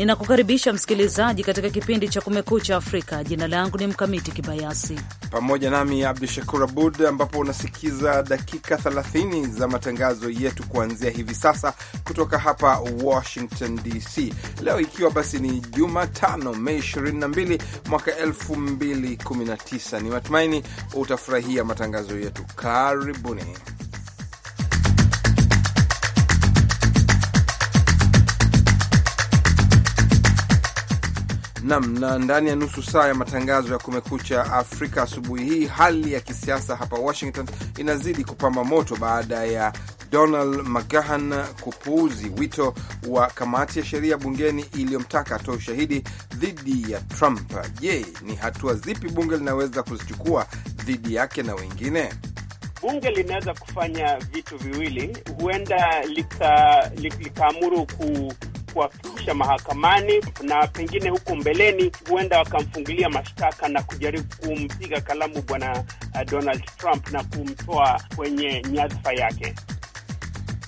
Ninakukaribisha msikilizaji katika kipindi cha Kumekucha Afrika. Jina langu ni Mkamiti Kibayasi, pamoja nami Abdu Shakur Abud, ambapo unasikiza dakika 30 za matangazo yetu kuanzia hivi sasa kutoka hapa Washington DC, leo ikiwa basi ni Jumatano, Mei 22 mwaka 2019. Ni matumaini utafurahia matangazo yetu. Karibuni. Nam na ndani ya nusu saa ya matangazo ya Kumekucha Afrika asubuhi hii, hali ya kisiasa hapa Washington inazidi kupamba moto baada ya Donald McGahan kupuuzi wito wa kamati ya sheria bungeni iliyomtaka atoe ushahidi dhidi ya Trump. Je, ni hatua zipi bunge linaweza kuzichukua dhidi yake na wengine? Bunge linaweza kufanya vitu viwili, huenda likaamuru lika ku kuwafikisha mahakamani, na pengine huko mbeleni huenda wakamfungulia mashtaka na kujaribu kumpiga kalamu bwana eh, Donald Trump na kumtoa kwenye nyadhifa yake.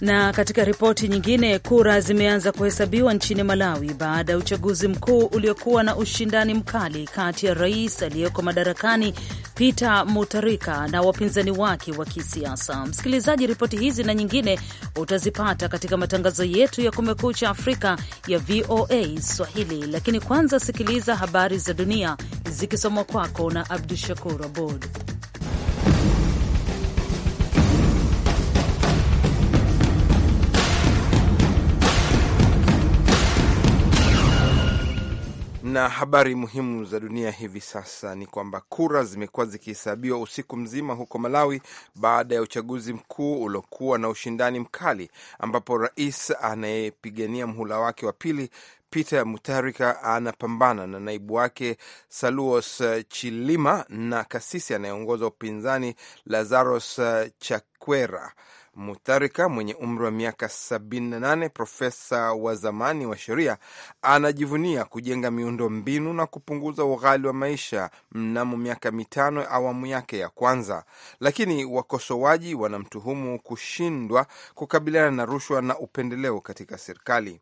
Na katika ripoti nyingine, kura zimeanza kuhesabiwa nchini Malawi baada ya uchaguzi mkuu uliokuwa na ushindani mkali kati ya rais aliyeko madarakani Peter Mutharika na wapinzani wake wa kisiasa. Msikilizaji, ripoti hizi na nyingine utazipata katika matangazo yetu ya Kumekucha Afrika ya VOA Swahili, lakini kwanza sikiliza habari za dunia zikisomwa kwako na Abdu Shakur Abod. Na habari muhimu za dunia hivi sasa ni kwamba kura zimekuwa zikihesabiwa usiku mzima huko Malawi baada ya uchaguzi mkuu uliokuwa na ushindani mkali, ambapo rais anayepigania mhula wake wa pili Peter Mutharika anapambana na naibu wake Saluos Chilima na kasisi anayeongoza upinzani Lazarus Chakwera. Mutharika mwenye umri wa miaka 78, profesa wa zamani wa sheria, anajivunia kujenga miundo mbinu na kupunguza ughali wa maisha mnamo miaka mitano ya awamu yake ya kwanza, lakini wakosoaji wanamtuhumu kushindwa kukabiliana na rushwa na upendeleo katika serikali.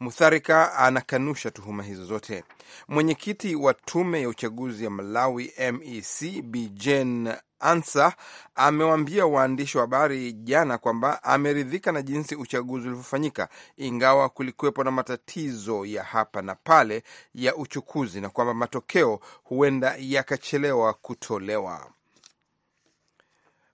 Mutharika anakanusha tuhuma hizo zote. Mwenyekiti wa tume ya uchaguzi ya Malawi, MEC, Bijen ansa amewaambia waandishi wa habari jana kwamba ameridhika na jinsi uchaguzi ulivyofanyika, ingawa kulikuwepo na matatizo ya hapa na pale ya uchukuzi na kwamba matokeo huenda yakachelewa kutolewa.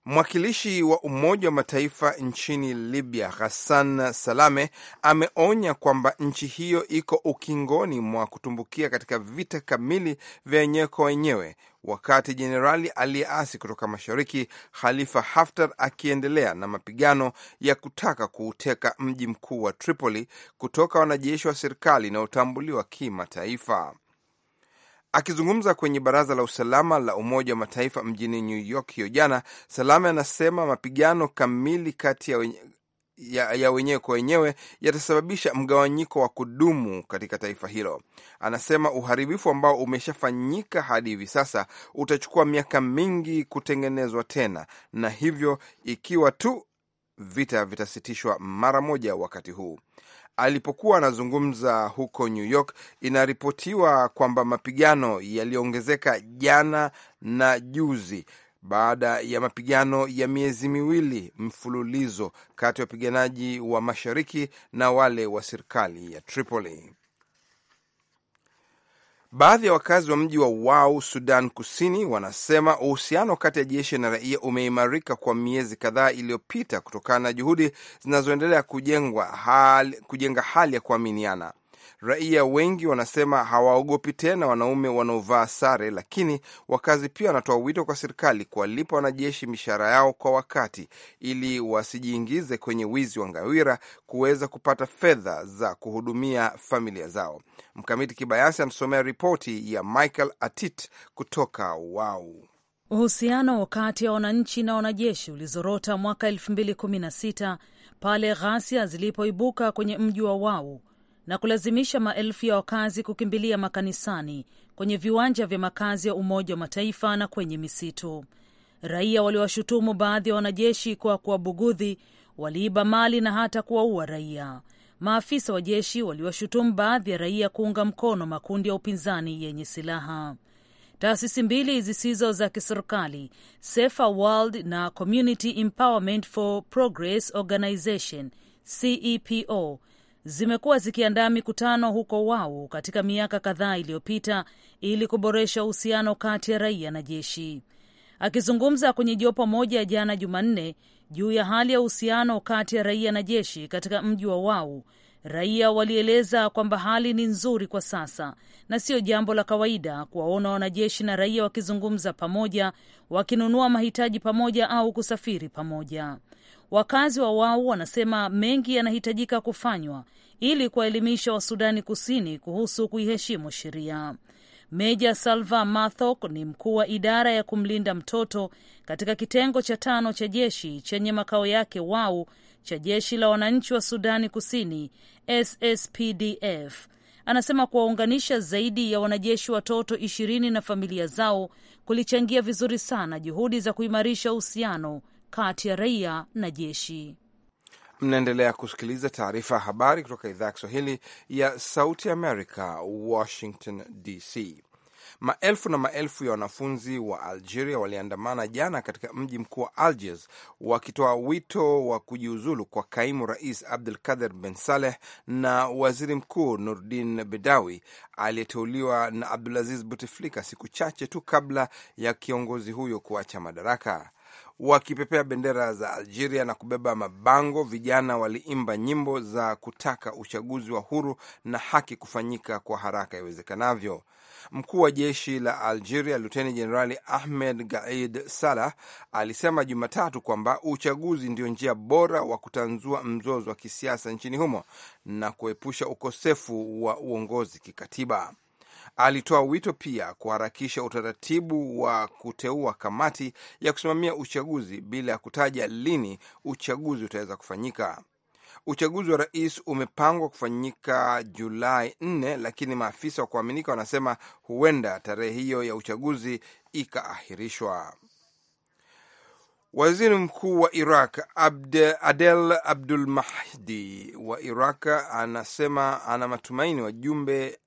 Mwakilishi wa Umoja wa Mataifa nchini Libya, Hassan Salame, ameonya kwamba nchi hiyo iko ukingoni mwa kutumbukia katika vita kamili vya wenyewe kwa wenyewe wakati jenerali aliyeasi kutoka mashariki Khalifa Haftar akiendelea na mapigano ya kutaka kuuteka mji mkuu wa Tripoli kutoka wanajeshi wa serikali inayotambuliwa kimataifa. Akizungumza kwenye baraza la usalama la Umoja wa Mataifa mjini New York hiyo jana, Salame anasema mapigano kamili kati ya ya, ya wenyewe kwa wenyewe yatasababisha mgawanyiko wa kudumu katika taifa hilo. Anasema uharibifu ambao umeshafanyika hadi hivi sasa utachukua miaka mingi kutengenezwa tena, na hivyo ikiwa tu vita vitasitishwa mara moja wakati huu. Alipokuwa anazungumza huko New York, inaripotiwa kwamba mapigano yaliyoongezeka jana na juzi baada ya mapigano ya miezi miwili mfululizo kati ya wapiganaji wa mashariki na wale wa serikali ya Tripoli. Baadhi ya wakazi wa mji wa Wau, Sudan Kusini, wanasema uhusiano kati ya jeshi na raia umeimarika kwa miezi kadhaa iliyopita kutokana na juhudi zinazoendelea kujengwa kujenga hali ya kuaminiana. Raia wengi wanasema hawaogopi tena wanaume wanaovaa sare, lakini wakazi pia wanatoa wito kwa serikali kuwalipa wanajeshi mishahara yao kwa wakati ili wasijiingize kwenye wizi wa ngawira kuweza kupata fedha za kuhudumia familia zao. Mkamiti Kibayasi anasomea ripoti ya Michael Atit kutoka Wau. Uhusiano kati ya wananchi na wanajeshi ulizorota mwaka 2016 pale ghasia zilipoibuka kwenye mji wa Wau na kulazimisha maelfu ya wakazi kukimbilia makanisani, kwenye viwanja vya makazi ya Umoja wa Mataifa na kwenye misitu. Raia waliwashutumu baadhi ya wanajeshi kwa kuwabugudhi, waliiba mali na hata kuwaua raia. Maafisa wa jeshi waliwashutumu baadhi ya raia kuunga mkono makundi ya upinzani yenye silaha. Taasisi mbili zisizo za kiserikali Safer World na Community Empowerment for Progress Organization CEPO zimekuwa zikiandaa mikutano huko Wau katika miaka kadhaa iliyopita ili kuboresha uhusiano kati ya raia na jeshi. Akizungumza kwenye jopo moja jana Jumanne juu ya hali ya uhusiano kati ya raia na jeshi katika mji wa Wau, raia walieleza kwamba hali ni nzuri kwa sasa na sio jambo la kawaida kuwaona wanajeshi na raia wakizungumza pamoja, wakinunua mahitaji pamoja au kusafiri pamoja. Wakazi wa Wau wanasema mengi yanahitajika kufanywa ili kuwaelimisha Wasudani Kusini kuhusu kuiheshimu sheria. Meja Salva Mathok ni mkuu wa idara ya kumlinda mtoto katika kitengo cha tano cha jeshi chenye makao yake Wau cha jeshi la wananchi wa Sudani Kusini SSPDF. Anasema kuwaunganisha zaidi ya wanajeshi watoto ishirini na familia zao kulichangia vizuri sana juhudi za kuimarisha uhusiano kati ya raia na jeshi. Mnaendelea kusikiliza taarifa ya habari kutoka idhaa ya Kiswahili ya Sauti Amerika, Washington DC. Maelfu na maelfu ya wanafunzi wa Algeria waliandamana jana katika mji mkuu wa Algiers wakitoa wito wa kujiuzulu kwa kaimu rais Abdul Kader Ben Saleh na waziri mkuu Nurdin Bedawi aliyeteuliwa na Abdulaziz Bouteflika siku chache tu kabla ya kiongozi huyo kuacha madaraka wakipepea bendera za Algeria na kubeba mabango. Vijana waliimba nyimbo za kutaka uchaguzi wa huru na haki kufanyika kwa haraka iwezekanavyo. Mkuu wa jeshi la Algeria Luteni Jenerali Ahmed Gaid Salah alisema Jumatatu kwamba uchaguzi ndio njia bora wa kutanzua mzozo wa kisiasa nchini humo na kuepusha ukosefu wa uongozi kikatiba. Alitoa wito pia kuharakisha utaratibu wa kuteua kamati ya kusimamia uchaguzi bila ya kutaja lini uchaguzi utaweza kufanyika. Uchaguzi wa rais umepangwa kufanyika Julai 4 lakini maafisa wa kuaminika wanasema huenda tarehe hiyo ya uchaguzi ikaahirishwa. Waziri mkuu wa Iraq Abde, Adel Abdul Mahdi wa Iraq anasema ana matumaini wajumbe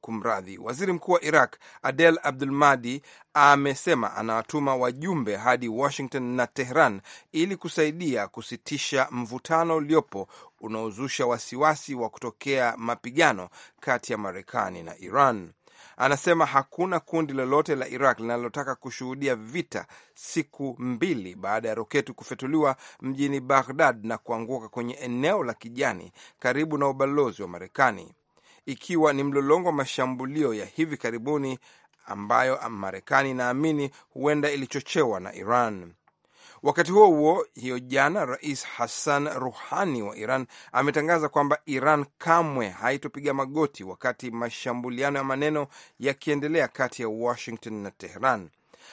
Kumradhi, waziri mkuu wa Iraq Adel Abdul Mahdi amesema anawatuma wajumbe hadi Washington na Tehran ili kusaidia kusitisha mvutano uliopo unaozusha wasiwasi wa kutokea mapigano kati ya Marekani na Iran. Anasema hakuna kundi lolote la Iraq linalotaka kushuhudia vita siku mbili baada ya roketi kufyatuliwa mjini Baghdad na kuanguka kwenye eneo la kijani karibu na ubalozi wa Marekani ikiwa ni mlolongo wa mashambulio ya hivi karibuni ambayo Marekani inaamini huenda ilichochewa na Iran. Wakati huo huo, hiyo jana, Rais Hassan Ruhani wa Iran ametangaza kwamba Iran kamwe haitopiga magoti wakati mashambuliano ya maneno yakiendelea kati ya Washington na Teheran.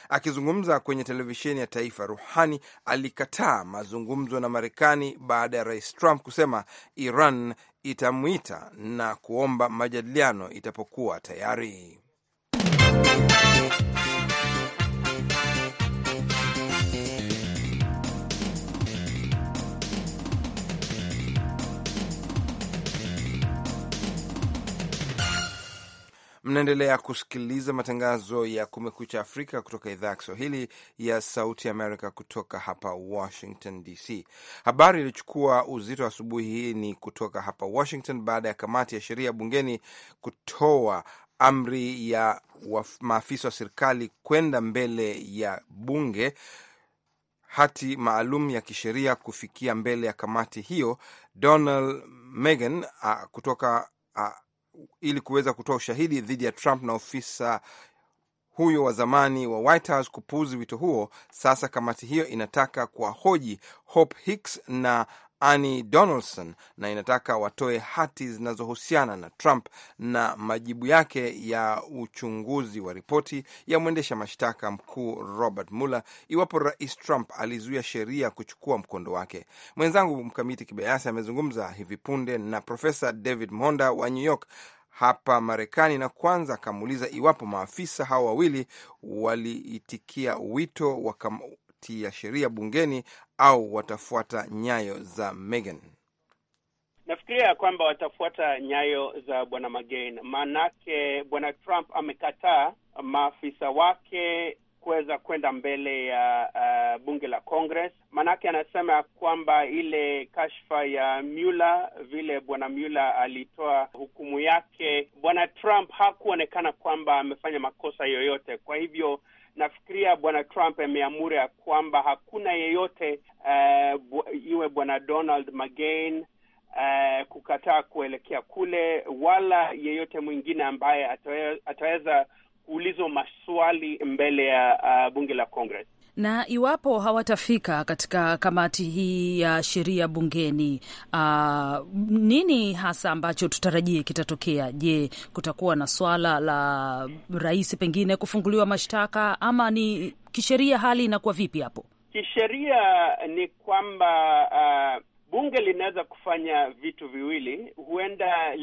Akizungumza kwenye televisheni ya taifa, Ruhani alikataa mazungumzo na Marekani baada ya Rais Trump kusema Iran itamwita na kuomba majadiliano itapokuwa tayari. Mnaendelea kusikiliza matangazo ya Kumekucha Afrika kutoka idhaa ya Kiswahili ya Sauti Amerika kutoka hapa Washington DC. Habari iliyochukua uzito asubuhi hii ni kutoka hapa Washington baada ya kamati ya sheria bungeni kutoa amri ya maafisa wa serikali kwenda mbele ya bunge hati maalum ya kisheria kufikia mbele ya kamati hiyo. Donald Megan kutoka a, ili kuweza kutoa ushahidi dhidi ya Trump na ofisa huyo wa zamani wa White House kupuuzi wito huo. Sasa kamati hiyo inataka kuwahoji Hope Hicks na Annie Donaldson na inataka watoe hati zinazohusiana na Trump na majibu yake ya uchunguzi wa ripoti ya mwendesha mashtaka mkuu Robert Mueller iwapo Rais Trump alizuia sheria kuchukua mkondo wake. Mwenzangu Mkamiti Kibayasi amezungumza hivi punde na Profesa David Monda wa New York hapa Marekani, na kwanza akamuuliza iwapo maafisa hao wawili waliitikia wito kamati ya sheria bungeni au watafuata nyayo za Megan? Nafikiria kwamba watafuata nyayo za bwana Magen, maanake bwana Trump amekataa maafisa wake kuweza kwenda mbele ya uh, bunge la Congress, maanake anasema ya kwamba ile kashfa ya Mueller, vile bwana Mueller alitoa hukumu yake, bwana Trump hakuonekana kwamba amefanya makosa yoyote. Kwa hivyo nafikiria bwana Trump ameamuru ya kwamba hakuna yeyote uh, iwe bwana Donald McGain uh, eh, kukataa kuelekea kule, wala yeyote mwingine ambaye ataweza kuulizwa maswali mbele ya uh, bunge la Congress na iwapo hawatafika katika kamati hii ya sheria bungeni, uh, nini hasa ambacho tutarajie kitatokea? Je, kutakuwa na swala la rais pengine kufunguliwa mashtaka ama ni kisheria, hali inakuwa vipi hapo? Kisheria ni kwamba uh, bunge linaweza kufanya vitu viwili, huenda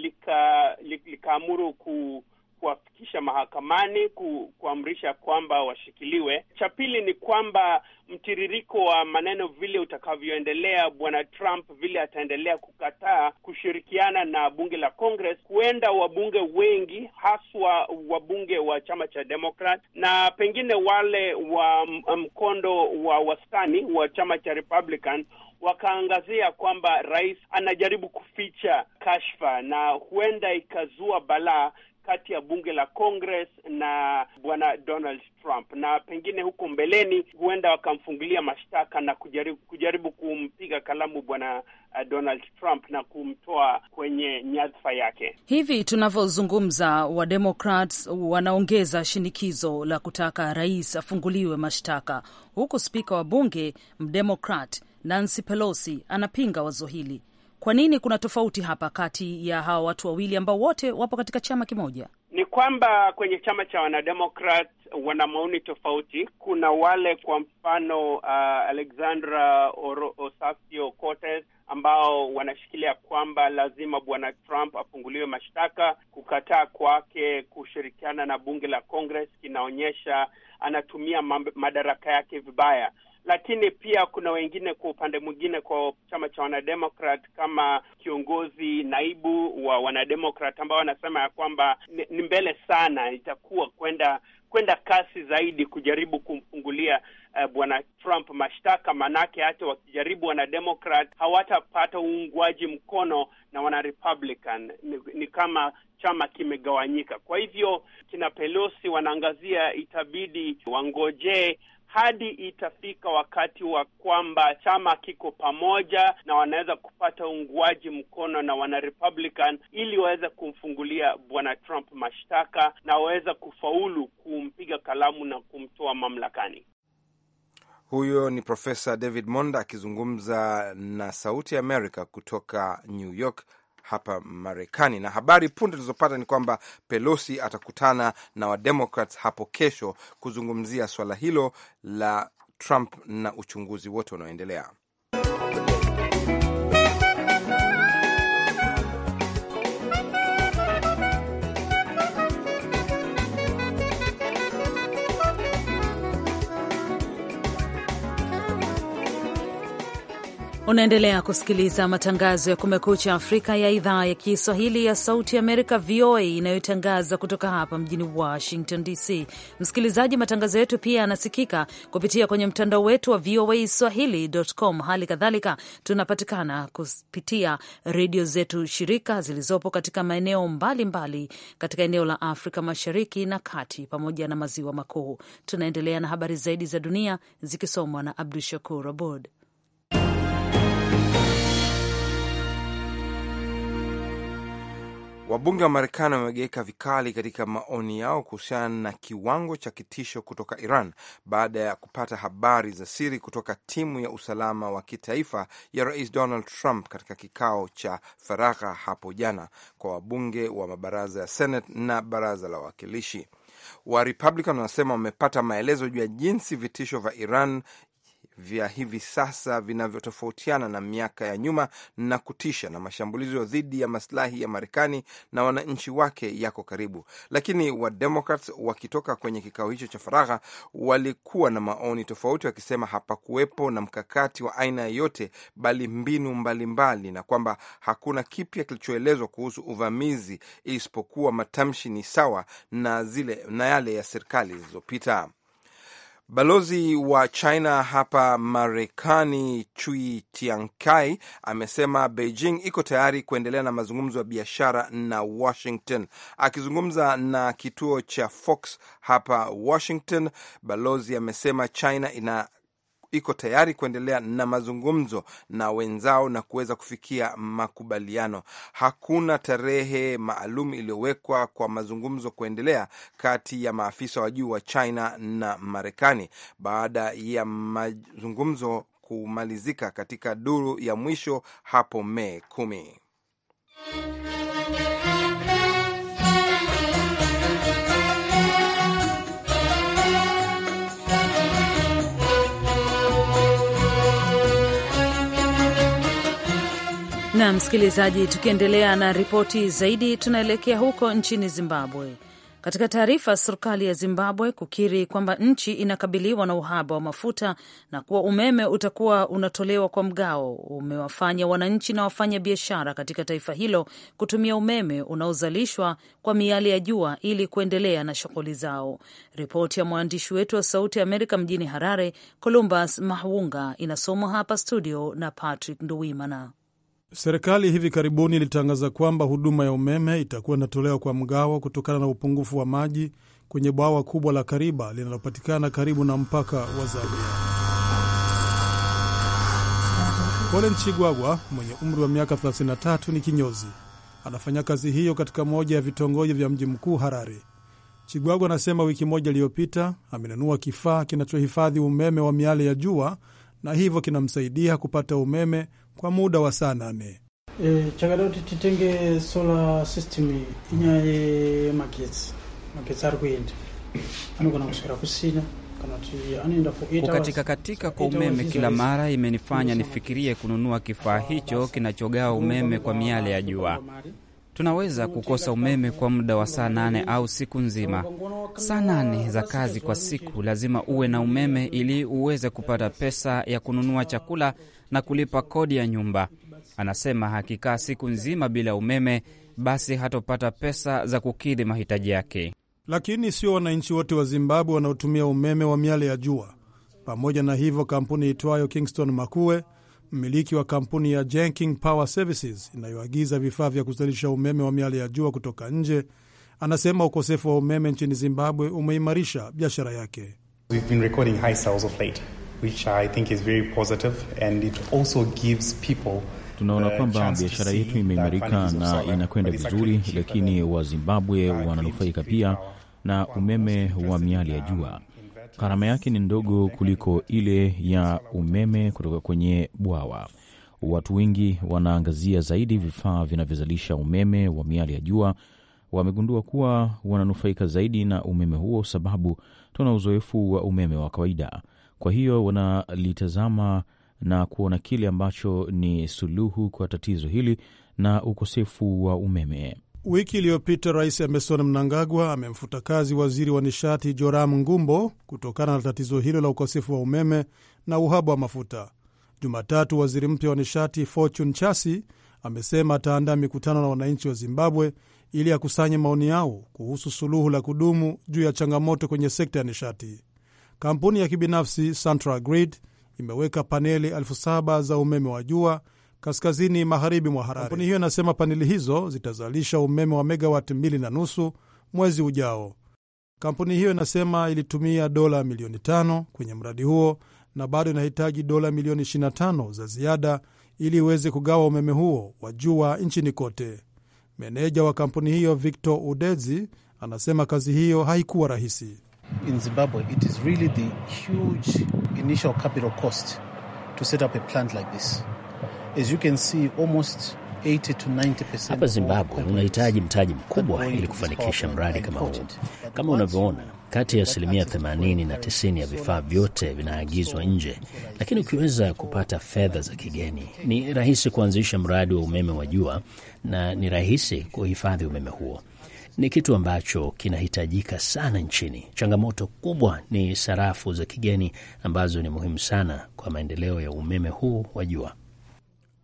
likaamuru lika ku kuwafikisha mahakamani ku, kuamrisha kwamba washikiliwe. Cha pili ni kwamba mtiririko wa maneno vile utakavyoendelea, bwana Trump vile ataendelea kukataa kushirikiana na bunge la Congress, huenda wabunge wengi haswa wabunge wa chama cha Democrat na pengine wale wa mkondo wa wastani wa chama cha Republican wakaangazia kwamba rais anajaribu kuficha kashfa na huenda ikazua balaa kati ya bunge la Congress na bwana Donald Trump, na pengine huko mbeleni huenda wakamfungulia mashtaka na kujaribu, kujaribu kumpiga kalamu bwana uh, Donald Trump na kumtoa kwenye nyadhifa yake. Hivi tunavyozungumza, wademokrat wanaongeza shinikizo la kutaka rais afunguliwe mashtaka, huku spika wa bunge mdemokrat Nancy Pelosi anapinga wazo hili. Kwa nini kuna tofauti hapa kati ya hawa watu wawili ambao wote wapo katika chama kimoja? Ni kwamba kwenye chama cha wanademokrat wana maoni tofauti. Kuna wale kwa mfano uh, Alexandra Ocasio Cortes ambao wanashikilia kwamba lazima bwana Trump afunguliwe mashtaka. Kukataa kwake kushirikiana na bunge la Congress kinaonyesha anatumia madaraka yake vibaya lakini pia kuna wengine kwa upande mwingine, kwa chama cha wanademokrat kama kiongozi naibu wa wanademokrat ambao wanasema ya kwamba ni mbele sana, itakuwa kwenda kwenda kasi zaidi kujaribu kumfungulia uh, bwana Trump mashtaka, manake hata wakijaribu wanademokrat hawatapata uungwaji mkono na wanarepublican. Ni, ni kama chama kimegawanyika. Kwa hivyo kina Pelosi wanaangazia, itabidi wangojee hadi itafika wakati wa kwamba chama kiko pamoja na wanaweza kupata uunguaji mkono na wana Republican ili waweze kumfungulia bwana Trump mashtaka na waweza kufaulu kumpiga kalamu na kumtoa mamlakani. Huyo ni Profesa David Monda akizungumza na Sauti ya Amerika kutoka New York hapa Marekani. Na habari punde tulizopata ni kwamba Pelosi atakutana na Wademokrats hapo kesho kuzungumzia swala hilo la Trump na uchunguzi wote unaoendelea. Unaendelea kusikiliza matangazo ya Kumekucha Afrika ya idhaa ya Kiswahili ya Sauti Amerika, VOA, inayotangaza kutoka hapa mjini Washington DC. Msikilizaji, matangazo yetu pia yanasikika kupitia kwenye mtandao wetu wa VOA swahili.com. Hali kadhalika tunapatikana kupitia redio zetu shirika zilizopo katika maeneo mbalimbali katika eneo la Afrika Mashariki na Kati pamoja na Maziwa Makuu. Tunaendelea na habari zaidi za dunia zikisomwa na Abdu Shakur Abod. Wabunge wa Marekani wamegeuka vikali katika maoni yao kuhusiana na kiwango cha kitisho kutoka Iran baada ya kupata habari za siri kutoka timu ya usalama wa kitaifa ya Rais Donald Trump katika kikao cha faragha hapo jana kwa wabunge wa mabaraza ya Senate na baraza la wawakilishi. Warepublican wanasema wamepata maelezo juu ya jinsi vitisho vya Iran vya hivi sasa vinavyotofautiana na miaka ya nyuma na kutisha, na mashambulizo dhidi ya maslahi ya Marekani na wananchi wake yako karibu. Lakini Wademokrats wakitoka kwenye kikao hicho cha faragha walikuwa na maoni tofauti, wakisema hapakuwepo na mkakati wa aina yoyote, bali mbinu mbalimbali mbali, na kwamba hakuna kipya kilichoelezwa kuhusu uvamizi isipokuwa matamshi ni sawa na zile na yale ya serikali zilizopita. Balozi wa China hapa Marekani, Chui Tiankai, amesema Beijing iko tayari kuendelea na mazungumzo ya biashara na Washington. Akizungumza na kituo cha Fox hapa Washington, balozi amesema China ina iko tayari kuendelea na mazungumzo na wenzao na kuweza kufikia makubaliano. Hakuna tarehe maalum iliyowekwa kwa mazungumzo kuendelea kati ya maafisa wa juu wa China na Marekani baada ya mazungumzo kumalizika katika duru ya mwisho hapo Mei kumi. Na msikilizaji, tukiendelea na ripoti zaidi, tunaelekea huko nchini Zimbabwe. Katika taarifa, serikali ya Zimbabwe kukiri kwamba nchi inakabiliwa na uhaba wa mafuta na kuwa umeme utakuwa unatolewa kwa mgao umewafanya wananchi na wafanya biashara katika taifa hilo kutumia umeme unaozalishwa kwa miale ya jua ili kuendelea na shughuli zao. Ripoti ya mwandishi wetu wa Sauti ya Amerika mjini Harare, Columbus Mahwunga, inasomwa hapa studio na Patrick Nduwimana. Serikali hivi karibuni ilitangaza kwamba huduma ya umeme itakuwa inatolewa kwa mgawo kutokana na upungufu wa maji kwenye bwawa kubwa la Kariba linalopatikana karibu na mpaka wa Zambia. Colin Chigwagwa mwenye umri wa miaka 33 ni kinyozi, anafanya kazi hiyo katika moja ya vitongoji vya mji mkuu Harare. Chigwagwa anasema wiki moja iliyopita amenunua kifaa kinachohifadhi umeme wa miale ya jua na hivyo kinamsaidia kupata umeme kwa muda wa saa nane. E, changadoti titenge solar system inyaye magetsi magetsi ari kuenda anogona kuswera kusina Kukatika katika kwa umeme kila mara imenifanya nifikirie kununua kifaa hicho kinachogawa umeme kwa miale ya jua tunaweza kukosa umeme kwa muda wa saa nane au siku nzima. Saa nane za kazi kwa siku lazima uwe na umeme ili uweze kupata pesa ya kununua chakula na kulipa kodi ya nyumba. Anasema akikaa siku nzima bila umeme, basi hatopata pesa za kukidhi mahitaji yake. Lakini sio wananchi wote wa Zimbabwe wanaotumia umeme wa miale ya jua. Pamoja na hivyo, kampuni itwayo Kingston Makue mmiliki wa kampuni ya Jenking Power Services inayoagiza vifaa vya kuzalisha umeme wa miale ya jua kutoka nje, anasema ukosefu wa umeme nchini Zimbabwe umeimarisha biashara yake. Tunaona kwamba biashara yetu imeimarika na inakwenda vizuri, lakini Wazimbabwe wananufaika pia na umeme wa miale ya jua. Um, Gharama yake ni ndogo kuliko ile ya umeme kutoka kwenye bwawa. Watu wengi wanaangazia zaidi vifaa vinavyozalisha umeme wa miali ya jua. Wamegundua kuwa wananufaika zaidi na umeme huo, sababu tuna uzoefu wa umeme wa kawaida. Kwa hiyo wanalitazama na kuona kile ambacho ni suluhu kwa tatizo hili na ukosefu wa umeme. Wiki iliyopita Rais emerson Mnangagwa amemfuta kazi waziri wa nishati Joram Ngumbo kutokana na tatizo hilo la ukosefu wa umeme na uhaba wa mafuta. Jumatatu, waziri mpya wa nishati Fortune Chasi amesema ataandaa mikutano na wananchi wa Zimbabwe ili akusanye maoni yao kuhusu suluhu la kudumu juu ya changamoto kwenye sekta ya nishati. Kampuni ya kibinafsi Central Grid imeweka paneli elfu saba za umeme wa jua kaskazini magharibi mwa Harare. Kampuni hiyo inasema paneli hizo zitazalisha umeme wa megawati mbili na nusu mwezi ujao. Kampuni hiyo inasema ilitumia dola milioni tano kwenye mradi huo na bado inahitaji dola milioni 25 za ziada ili iweze kugawa umeme huo wa jua nchini kote. Meneja wa kampuni hiyo Victor Udezi anasema kazi hiyo haikuwa rahisi. In Zimbabwe, it is really the huge initial capital cost to set up a plant like this. As you can see, almost 80 to 90%. Hapa Zimbabwe unahitaji mtaji mkubwa ili kufanikisha mradi kama huu. Kama unavyoona, kati ya asilimia 80 na 90 ya vifaa vyote vinaagizwa nje, lakini ukiweza kupata fedha za kigeni, ni rahisi kuanzisha mradi wa umeme wa jua na ni rahisi kuhifadhi umeme huo. Ni kitu ambacho kinahitajika sana nchini. Changamoto kubwa ni sarafu za kigeni ambazo ni muhimu sana kwa maendeleo ya umeme huu wa jua.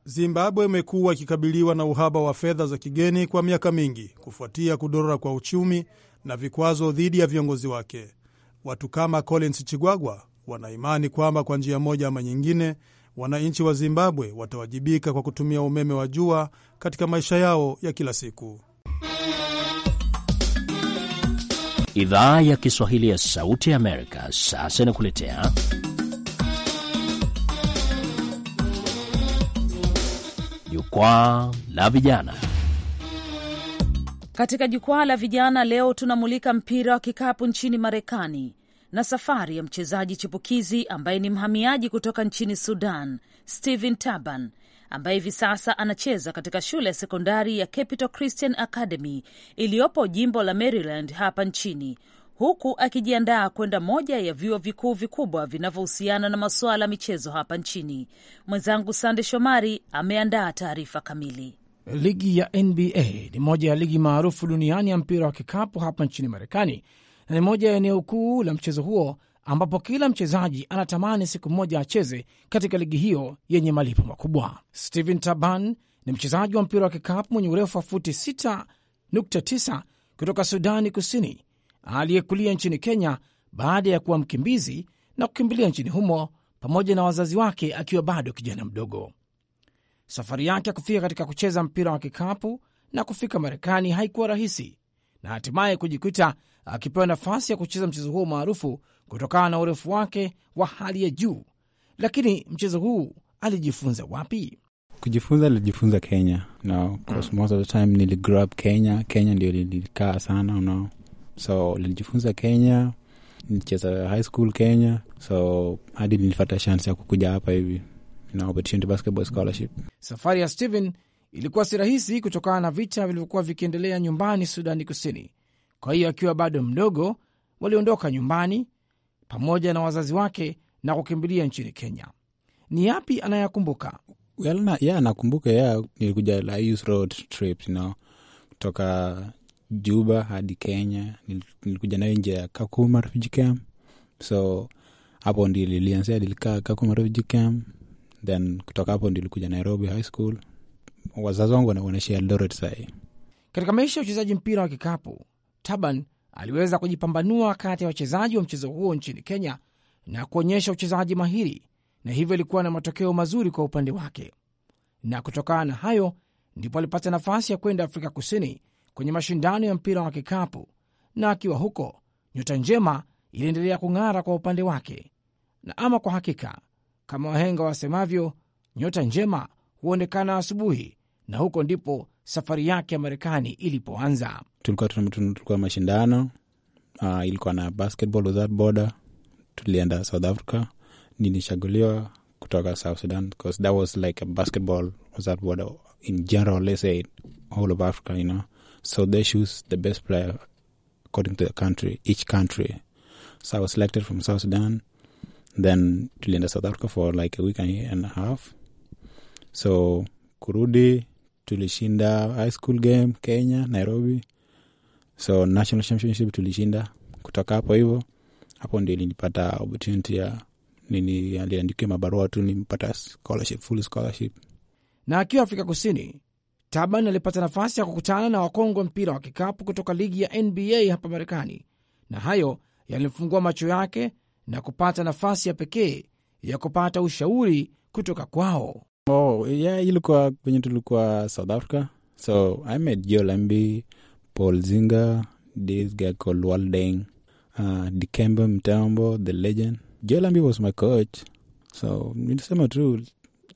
Zimbabwe imekuwa ikikabiliwa na uhaba wa fedha za kigeni kwa miaka mingi kufuatia kudorora kwa uchumi na vikwazo dhidi ya viongozi wake. Watu kama Collins Chigwagwa wanaimani kwamba kwa njia moja ama nyingine wananchi wa Zimbabwe watawajibika kwa kutumia umeme wa jua katika maisha yao ya kila siku. Idhaa ya Kiswahili ya Sauti ya Amerika sasa inakuletea Jukwaa la Vijana. Katika Jukwaa la Vijana leo tunamulika mpira wa kikapu nchini Marekani na safari ya mchezaji chipukizi ambaye ni mhamiaji kutoka nchini Sudan, Stephen Taban ambaye hivi sasa anacheza katika shule ya sekondari ya Capital Christian Academy iliyopo jimbo la Maryland hapa nchini, huku akijiandaa kwenda moja ya vyuo vikuu vikubwa vinavyohusiana na masuala ya michezo hapa nchini. Mwenzangu Sande Shomari ameandaa taarifa kamili. Ligi ya NBA ni moja ya ligi maarufu duniani ya mpira wa kikapu hapa nchini Marekani, na ni moja ya eneo kuu la mchezo huo ambapo kila mchezaji anatamani siku moja acheze katika ligi hiyo yenye malipo makubwa. Steven Taban ni mchezaji wa mpira wa kikapu mwenye urefu wa futi 6.9 kutoka Sudani Kusini aliyekulia nchini Kenya baada ya kuwa mkimbizi na kukimbilia nchini humo pamoja na wazazi wake akiwa bado kijana mdogo. Safari yake ya kufika katika kucheza mpira wa kikapu na kufika Marekani haikuwa rahisi na hatimaye kujikuta akipewa nafasi ya kucheza mchezo huo maarufu kutokana na urefu wake wa hali ya juu. Lakini mchezo huu alijifunza wapi? Kujifunza alijifunza Kenya. No, mm. Most of the time up Kenya. Kenya ndio nilikaa sana, you know so nilijifunza Kenya, nicheza high school Kenya, so hadi nilipata chance ya kukuja hapa hivi na opportunity basketball scholarship. Safari ya Steven ilikuwa si rahisi kutokana na vita vilivyokuwa vikiendelea nyumbani Sudani Kusini. Kwa hiyo akiwa bado mdogo, waliondoka nyumbani pamoja na wazazi wake na kukimbilia nchini Kenya. Ni yapi anayakumbuka? Well, na, yeah, nakumbuka yeah, nilikuja la road trip you know, kutoka Juba hadi Kenya. Nilikuja nayo nje ya Kakuma refugee camp, so hapo ndi lilianzia, lilikaa Kakuma refugee camp, then kutoka hapo ndi likuja Nairobi high school. Wazazi wangu wanashia Eldoret sahii. Katika maisha ya uchezaji mpira wa kikapu, Taban aliweza kujipambanua kati ya wachezaji wa mchezo huo nchini Kenya na kuonyesha uchezaji mahiri, na hivyo ilikuwa na matokeo mazuri kwa upande wake, na kutokana na hayo ndipo alipata nafasi ya kwenda Afrika Kusini kwenye mashindano ya mpira wa kikapu, na akiwa huko, nyota njema iliendelea kung'ara kwa upande wake. Na ama kwa hakika, kama wahenga wasemavyo, nyota njema huonekana asubuhi, na huko ndipo safari yake ya Marekani ilipoanza. Tulikuwa tulikuwa mashindano uh, ilikuwa na basketball without border. Tulienda south Africa, nilichaguliwa kutoka south Sudan because that was like a basketball without border in general, let's say all of Africa, you know So they choose the best player according to the country, each country. So I was selected from South Sudan. Then tulienda South Africa for like a week and a half. So kurudi tulishinda high school game Kenya, Nairobi. So national championship tulishinda. Kutoka hapo hivyo, hapo ndio ilinipata opportunity ya nini, aliandikia mabarua tu nimpata scholarship, full scholarship. Na akiwa Afrika Kusini Taban alipata nafasi ya kukutana na wakongwe mpira wa kikapu kutoka ligi ya NBA hapa Marekani, na hayo yalimfungua macho yake na kupata nafasi ya pekee ya kupata ushauri kutoka kwao. Oh, yeah, ilikuwa kwenye tulikuwa South Africa, so I met Joe Lambi, Paul Zinga, this guy called uh, Dikembe Mtambo, the legend. Joe Lambi was my coach, so nilisema tu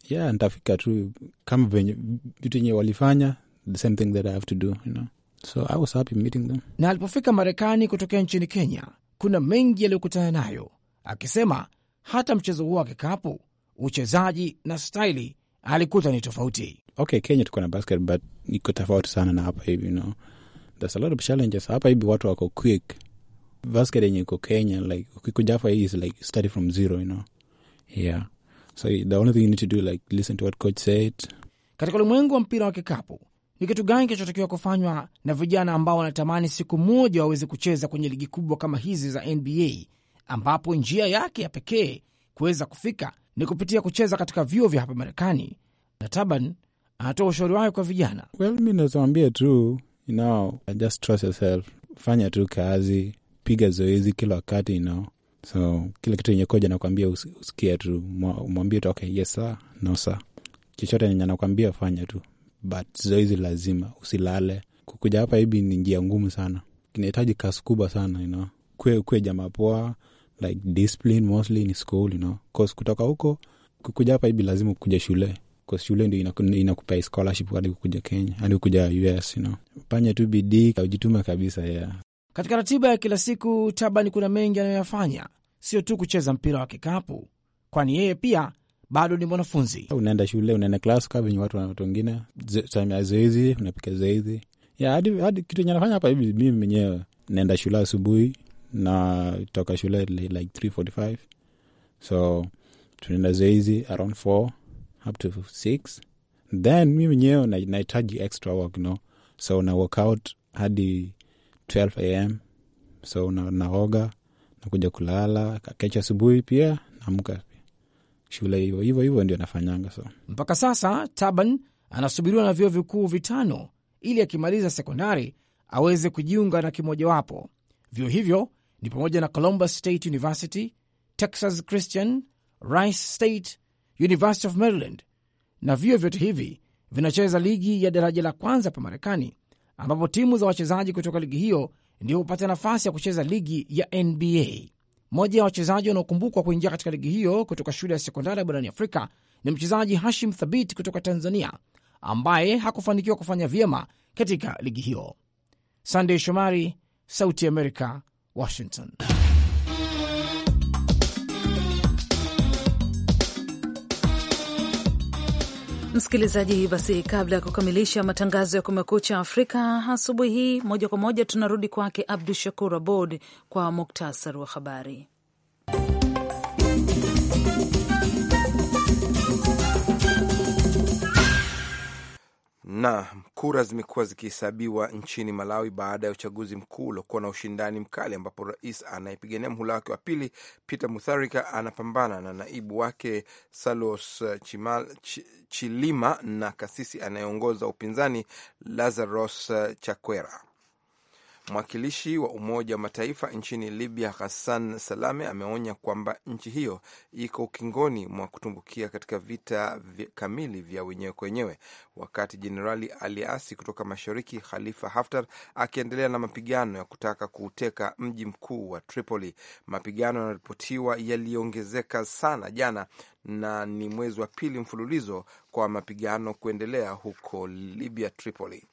yeah, ntafika tu kama venye vitu enye walifanya the same thing that I have to do you know? So I was happy meeting them. Na alipofika Marekani kutokea nchini Kenya, kuna mengi yaliyokutana nayo, akisema hata mchezo huo wa kikapu, uchezaji na staili alikuta ni tofauti. Okay, Kenya tuko na basket but iko tofauti sana na hapa hivi you know? There's a lot of challenges hapa hivi, watu wako quick. Basket yenye iko Kenya like ukikuja hapa is like study from zero you know? yeah So the only thing you need to do like listen to what coach said. Katika ulimwengu wa mpira wa kikapu, ni kitu gani kinachotakiwa kufanywa na vijana ambao wanatamani siku moja waweze kucheza kwenye ligi kubwa kama hizi za NBA, ambapo njia yake ya pekee kuweza kufika ni kupitia kucheza katika vyuo vya hapa Marekani? Na Taban anatoa ushauri wake kwa vijana. Well, mi nazoambia tu you know, just trust yourself, fanya tu kazi, piga zoezi kila wakati you know. So kila kitu yenye koja nakwambia usikie tu, mwambie tu okay, yes sir, no sir. Chochote enye nakwambia fanya tu, but zoezi lazima, usilale. Kukuja hapa hivi ni njia ngumu sana, inahitaji kasi kubwa sana you know? Kwe, kwe jamaa poa like discipline mostly ni school you know? Cause kutoka huko kukuja hapa hivi lazima kuja shule cause shule ndio inaku, inakupa scholarship hadi kukuja Kenya hadi kukuja US you know? panya tu bidii, ujitume kabisa yeah. Katika ratiba ya kila siku, Tabani kuna mengi anayoyafanya, sio tu kucheza mpira wa kikapu, kwani yeye pia bado ni mwanafunzi. Unaenda shule, unaenda klas ka venye watu watu wengine, zoezi, unapika zoezi ya hadi hadi kitu enye anafanya hapa hivi. Mimi mwenyewe naenda shule asubuhi na toka shule like 345 so tunaenda zoezi around 4 up to 6 then mi mwenyewe nahitaji extra work no, so na workout hadi 12 am so na, naoga nakuja kulala, kesho asubuhi pia naamka shule hivo hivo hivo ndio nafanyanga So mpaka sasa Taban anasubiriwa na vyuo vikuu vitano ili akimaliza sekondari aweze kujiunga na kimojawapo. Vyuo hivyo ni pamoja na Columbus State University, Texas Christian, Rice State, University of Maryland, na vyuo vyote hivi vinacheza ligi ya daraja la kwanza pa Marekani ambapo timu za wachezaji kutoka ligi hiyo ndio hupata nafasi ya kucheza ligi ya NBA. Mmoja ya wachezaji wanaokumbukwa kuingia katika ligi hiyo kutoka shule ya sekondari ya barani Afrika ni mchezaji Hashim Thabit kutoka Tanzania, ambaye hakufanikiwa kufanya vyema katika ligi hiyo. Sandey Shomari, Sauti Amerika, Washington. Msikilizaji, basi kabla ya kukamilisha matangazo ya Kumekucha Afrika asubuhi hii, moja kwa moja tunarudi kwake Abdu Shakur Abod kwa muktasari wa habari. Na kura zimekuwa zikihesabiwa nchini Malawi baada ya uchaguzi mkuu uliokuwa na ushindani mkali, ambapo rais anayepigania mhula wake wa pili Peter Mutharika anapambana na naibu wake Salos uh, Chimal, Ch, Chilima na kasisi anayeongoza upinzani lazaros uh, Chakwera. Mwakilishi wa Umoja wa Mataifa nchini Libya, Hassan Salame, ameonya kwamba nchi hiyo iko ukingoni mwa kutumbukia katika vita kamili vya wenyewe kwa wenyewe, wakati jenerali aliasi kutoka mashariki Khalifa Haftar akiendelea na mapigano ya kutaka kuuteka mji mkuu wa Tripoli. Mapigano yanaripotiwa yaliongezeka sana jana na ni mwezi wa pili mfululizo kwa mapigano kuendelea huko Libya, Tripoli.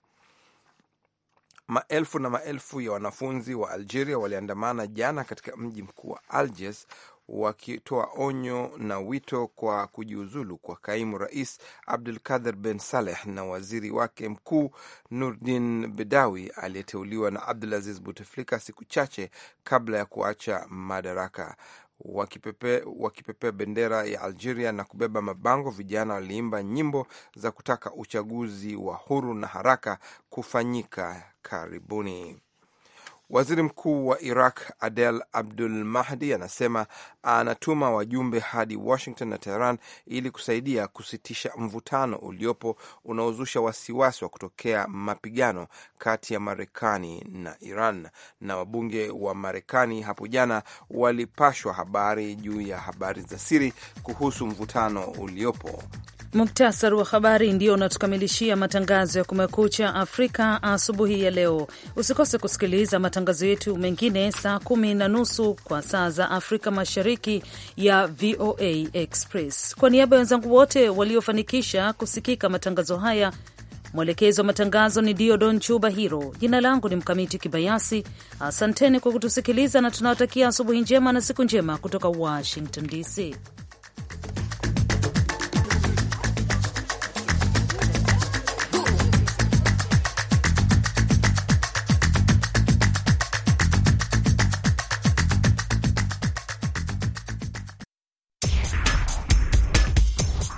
Maelfu na maelfu ya wanafunzi wa Algeria waliandamana jana katika mji mkuu wa Algiers wakitoa onyo na wito kwa kujiuzulu kwa kaimu rais Abdul Kader Ben Saleh na waziri wake mkuu Nurdin Bedawi aliyeteuliwa na Abdulaziz Buteflika siku chache kabla ya kuacha madaraka. Wakipepea wakipepe bendera ya Algeria na kubeba mabango, vijana waliimba nyimbo za kutaka uchaguzi wa huru na haraka kufanyika karibuni. Waziri mkuu wa Iraq Adel Abdul Mahdi anasema anatuma wajumbe hadi Washington na Teheran ili kusaidia kusitisha mvutano uliopo unaozusha wasiwasi wa kutokea mapigano kati ya Marekani na Iran. Na wabunge wa Marekani hapo jana walipashwa habari juu ya habari za siri kuhusu mvutano uliopo. Muktasari wa habari ndio unatukamilishia matangazo ya Kumekucha Afrika asubuhi ya leo. Usikose kusikiliza matangazo yetu mengine saa kumi na nusu kwa saa za Afrika Mashariki ya VOA Express. Kwa niaba ya wenzangu wote waliofanikisha kusikika matangazo haya, mwelekezi wa matangazo ni Diodon Chuba Hiro. Jina langu ni Mkamiti Kibayasi. Asanteni kwa kutusikiliza na tunawatakia asubuhi njema na siku njema kutoka Washington DC.